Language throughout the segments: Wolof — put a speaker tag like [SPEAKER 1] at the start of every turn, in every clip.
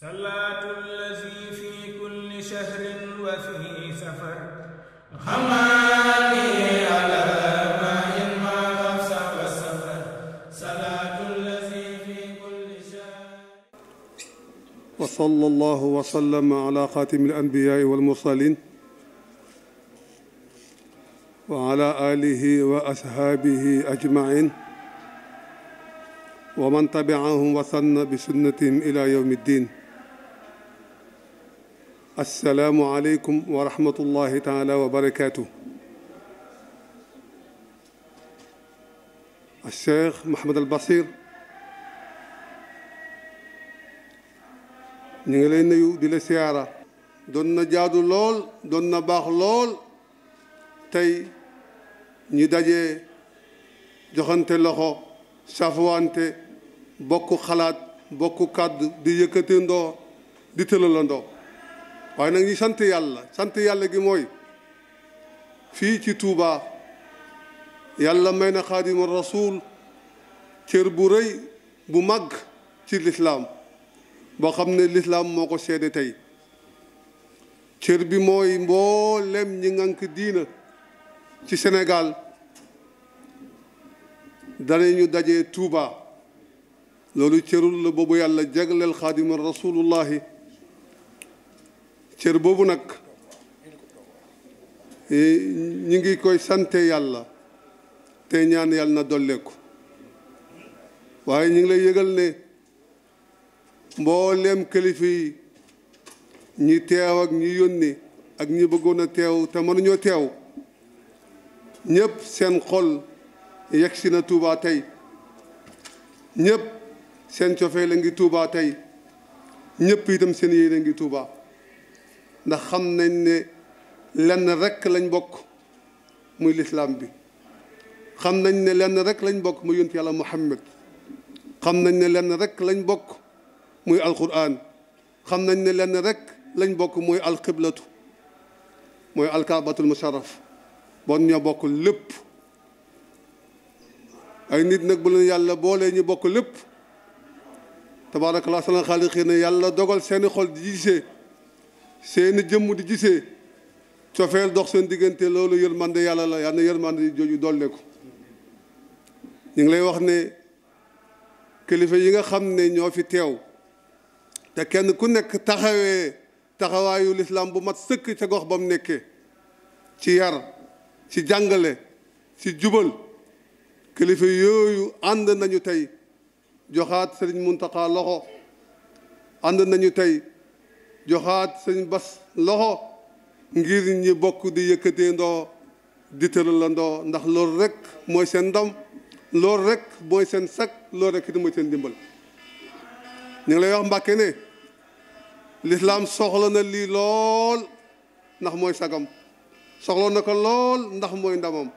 [SPEAKER 1] salaatu llazi fi kulli shahrin wa fi safar
[SPEAKER 2] wasala allahu wasallama ala xaatimi alanbiyaai walmursalin wa ala alihi wa ashaabihi ajmain wa man tabiahum wasanna bi sunnatihim ila yowmi ddin asalaamualeykum wa rahmatullahi taala wa barakaatu Cheikh Mouhamed Al Bachir ñu ngi lay nuyu di la siyaara doon na jaadu lool doon na baax lool tey ñu daje joxante loxo safuwante bokk xalaat bokk kàddu di yëkkatindoo di tëlalandoo waaye nag ñi sant yàlla sant yàlla gi mooy fii ci tuubaa yàlla may na xaadima rasul cër bu rëy bu màgg ci lislaam boo xam ne lislaam moo ko seede tey cër bi mooy mboolem ñi ngànk diina ci senegaal Sénégal ñu daje Touba loolu cërul la boobu yàlla jagleel xaadima rasulullahi cër boobu nag e, ñu ngi koy sante yàlla te ñaan yàlla na dolleeku waaye ñu ngi lay yëgal ne mbooleem kilifa yi ñi teew ak ñi yónni ak ñi bëggoon a teew te mënuñoo teew ñëpp seen xol yegg si na Tuubaa tey ñëpp seen cofee la ngi Tuubaa tey ñëpp itam seen yéene ngi Tuubaa ndax xam nañ ne lenn rekk lañ bokk muy lislaam bi xam nañ ne lenn rekk lañ bokk muy yonent yàlla muhammad xam nañ ne lenn rekk lañ bokk muy alquran xam nañ ne lenn rekk lañ bokk muy alqiblatu mooy alkaabatul musharraf bon ñoo bokk lépp ay nit nag bu leen yàlla boolee ñu bokk lépp tabaaraka laa sana xaaliqiina yàlla dogal seeni xol di gisee seeni jëmm di gisee cofeel dox seen diggante loolu yërmande yàlla la yàlla na yërmande jooju ko ñu ngi lay wax ne kilifa yi nga xam ne ñoo fi teew te kenn ku nekk taxawee taxawaayu lislaam bu mat sëkk ca gox ba mu nekkee ci yar ci jàngale ci jubal kilifa yooyu ànd nañu tey joxaat sëriñ Muntaxa loxo ànd nañu tey joxaat sëñ Bas loxo ngir ñi bokk di yëkkatee ndoo di ndoo ndax loolu rekk mooy seen ndam loolu rekk mooy seen sag loolu rek it mooy seen dimbal ñu ngi lay wax Mbàkke ne lislaam soxla na lii lool ndax mooy sagam soxla na ko lool ndax mooy ndamam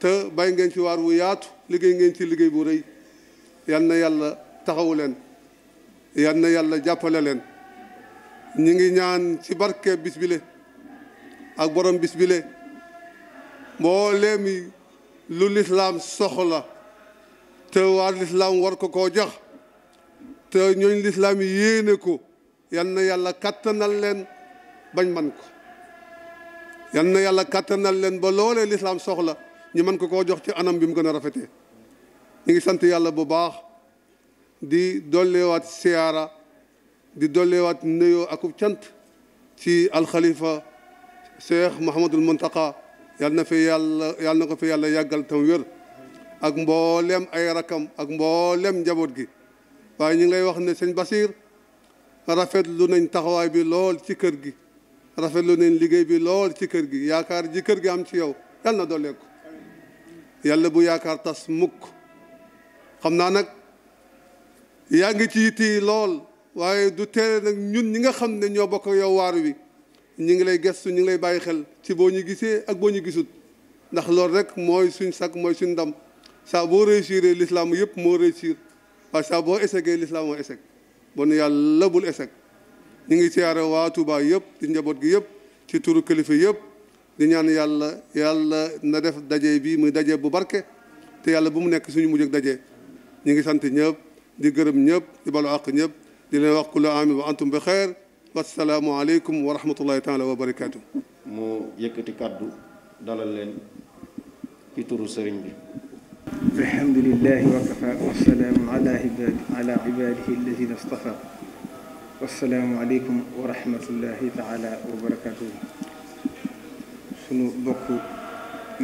[SPEAKER 2] te bay ngeen ci waar wu yaatu liggéey ngeen ci liggéey bu rëy yal na yàlla taxawu leen yal na yàlla jàppale leen ñu ngi ñaan ci barke bis bile ak borom bis bile mbooleem lu lislaam soxla te waa lislaam war ko koo jox te ñooñ lislaam yi yéene ko yal na yàlla kattanal leen bañ man ko yan na yàlla kattanal leen ba loolee lislaam soxla ñu mën ko koo jox ci anam bi mu gën a rafete ñu ngi sant yàlla bu baax di dollewaat siyaara di dolleewaat nuyoo akub cant ci alxalifa cheikh mahamadul muntaka yàlla na fi yàlla na ko yàlla yàggal tam wér ak mboolem ay rakam ak mboolem njaboot gi waaye ñu ngi lay wax ne sëñ Basir rafetlu nañ taxawaay bi lool ci kër gi rafetlu nañ liggéey bi lool ci kër gi yaakaar ji kër gi am ci yow yàlla na dolleeku yàlla bu yaakaar tas mukk xam naa nag yaa ngi ci yitti lool waaye du teere nag ñun ñi nga xam ne ñoo bokk yow waar wi ñu ngi lay gestu ñu ngi lay bàyyi xel ci boo ñu gisee ak boo ñu gisut ndax loolu rek mooy suñ sakk mooy suñ ndam saa boo réussir l'islam yëpp moo réussir waaye saa boo échecgee l'islam moo échec bon yàlla bul échec ñu ngi siyaare waa Touba yëpp di njaboot gi yëpp ci turu kilifa yëpp di ñaan yàlla yàlla na def daje bi muy daje bu barke te yàlla bu mu nekk suñu mujj ak daje ñu ngi sant ñëpp di gërëm ñëpp di balu àq ñëpp di leen wax kullu amin wa antum bi xeer wassalaamu aleykum wa rahmatullahi taala wa barakaatu. mu yëkkati kàddu dalal leen ci turu sëriñ bi.
[SPEAKER 1] alhamdulilahi wa kafa wassalaamu ala ibaadi ala ibaadihi alladina stafa wassalaamu aleykum wa rahmatullahi taala wa barakaatu. sunu bokk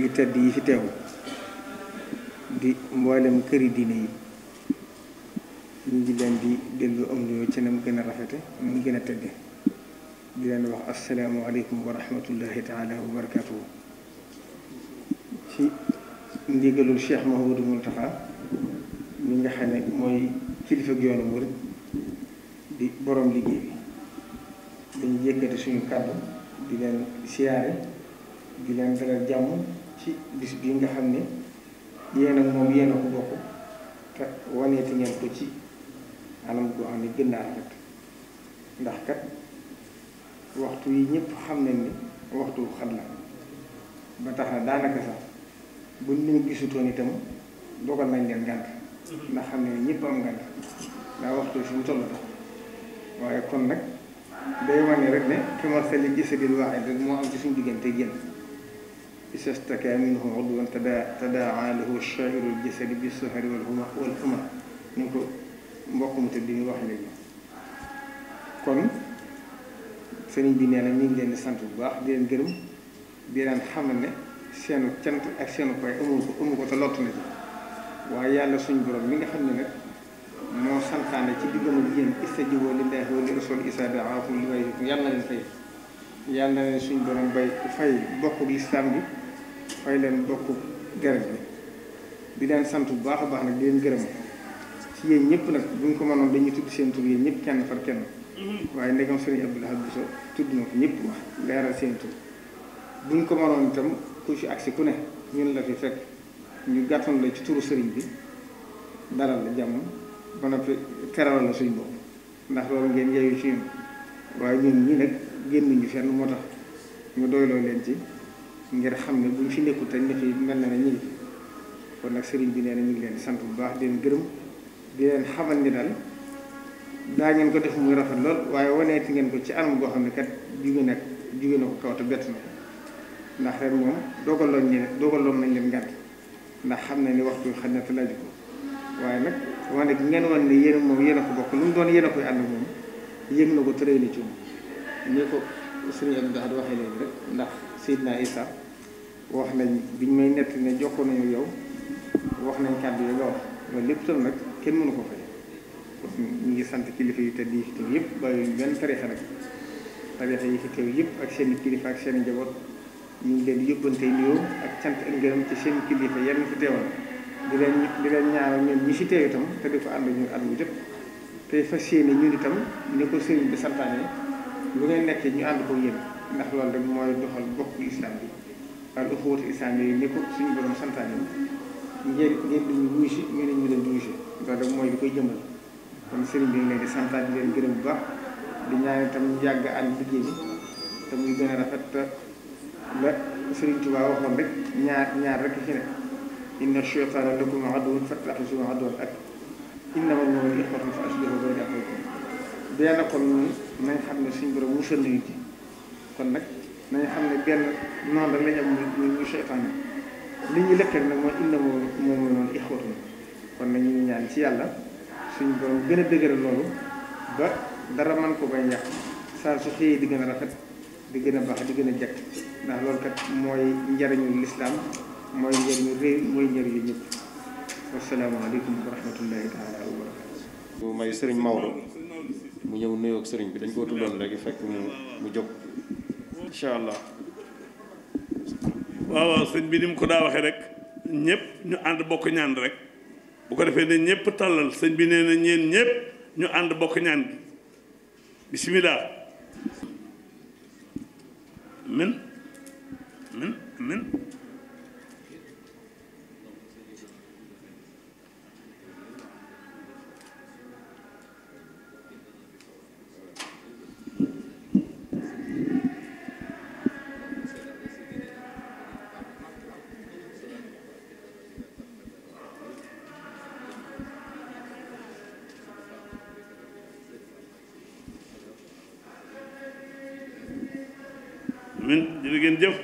[SPEAKER 1] yu tedd yi fi teew di mboolem këri diine yi. ñu ngi leen di gën a rafete gën a tedde di wax asalaamaaleykum wa rahmatullahi taala wa barakatuhu nga xam ne mooy kilifa yoonu murid di borom liggéey bi dañu yëkkati suñu kàddu di leen siyaare di leen dalal jàmm ci bis bi nga xam ne yéen ak moom yéen a bokk te waneeti ngeen ko ci anam goo xam ne gën naa rafet ndax kat waxtu yi ñëpp xam nañ ni waxtu xat la ba tax na daanaka sax buñ leen gisutoon itam dogal nañ leen ngànt ndax xam ne ñëpp am ngànt ndax waxtu yi fi mu toll waaye kon nag
[SPEAKER 2] day wane rek ne
[SPEAKER 1] commencé li gisadil waaxid rek moo am ci suñu diggante génn isastaka minhum udwan tadaa tadaa lahu shairu al jasadi bi sahari wal huma wal huma ni ko xumte bi ñu wax léegi kon sëriñ bi nee na mi ngi leen di sant bu baax di leen gërëm di leen xamal ne seenu cant ak seenu koy amu ko amu ko te lottu na waaye yàlla suñu boroom mi nga xam ne nag moo santaane ci diggam ak yéen istajibu lillahi wa li rasul li waykum yàlla na leen fay yàlla na leen suñu borom bay fay bokku lislaam bi fay leen bokku garab bi di leen sant bu baax a baax nag di leen gërëm ci yéen ñëpp nag buñ ko mënoon dañuy tudd seen tur yéen ñëpp kenn far kenn mhm. waaye ndegam sëriñ Abdou Lahad Bousso tudd na ko ñëpp wax leeral seen tur ko mënoon itam ku ci ku ne ñun la fi fekk ñu gàttoon la ci turu sëriñ bi dalal la jàmm ba noppi teral la suñ bopp ndax loolu ngeen yeeyu ci ñun waaye ñun ñi nag génn ñu fenn moo tax ñu doyloo leen ci ngir xam ne bu ñu fi nekkul te ne fi mel na ne ñu kon nag sëriñ bi nee na ñu ngi leen sant bu baax di leen gërëm. di leen xamal ni daal daa ngeen ko def muy rafet lool waaye waneeti ngeen ko ci anam goo xam ne kat juge nekk juge na ko kaw te bett na ko ndax ren moom dogaloon ñe dogaloon nañ leen ngànt ndax xam na ni waxtu xaj na te laaj ko waaye nag wane gi ngeen wan ne yéen moom yéen a ko bokk lu mu doon yéen a koy ànd moom yëg na ko tëree na ci moom. ñoo ko sëriñ Abdou Ahad waxee léegi rek ndax Seydina Issa wax nañ biñ may nett ne jokkoo nañu yow wax nañ kàddu yi nga wax lépp tam nag. kenn mënu ko fay ñu ngi sant kilifa yi tedd yi fi teew yëpp bàyyi benn tarixa nag tarixa yi fi teew yëpp ak seen i kilifa ak seen i njaboot ñu ngi leen di yóbbante nuyoo ak cant ak ngërëm ci seen kilifa yenn fi teewal di leen di leen ñaanal ñoom ñi si teew itam te di ko ànd ñu ànd bu jëpp te fas yéene ñun itam ni ko sëriñ bi santaane lu ngay nekkee ñu ànd ko yéen ndax loolu rek mooy doxal bokk islam bi wala uxuwatu islam yi ni ko suñu borom santaane ngeen ngeen di wuyu si ngeen di ñu leen di wuyu si loolu mooy li koy jëmmal kon sëriñ bi ngi di santaat di leen gërëm bu baax di ñaan itam ñu yàgg ànd liggéey bi te muy a rafet la sëriñ Tuubaa waxoon ñaar ñaar rek ci ne inna cheytaana lakum aduwwun fattaxizuuhu aduwwan ak innamal mu'minuuna ixwatun fa aslihu bayna axawaykum benn kon nañ xam ne suñu borom wusal nañu ci kon nag nañ xam ne benn noonu rek la muy muy cheytaane li ñuy lëkkale nag mooy inna moom moom noonu ixwatun kon nag ñu ngi ñaan ci yàlla suñ borom gën a dëgëral loolu ba dara man ko bañ yàq saa su xëyee di gën a rafet di gën a baax di gën a jekk ndax loolu kat mooy njariñu lislaam mooy njariñu réew mooy njariñu ñëpp wasalaamaaleykum wa rahmatullahi taala wa barakatu bu may sëriñ Maodo mu ñëw nuyoo ak sëriñ bi dañ koo tuddoon léegi fekk mu mu jóg allah
[SPEAKER 2] waaw sëñ bi ni mu ko daa waxee rek ñëpp ñu ànd bokk ñaan rek bu ko defee ne ñëpp tàllal sëñ bi nee na ñeen ñëpp ñu ànd bokk ñaan gi bisimilah min amin amin amin jërë ngeen jëf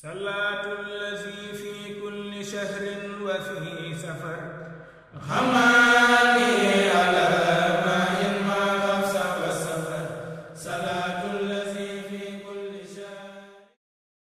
[SPEAKER 1] salaatu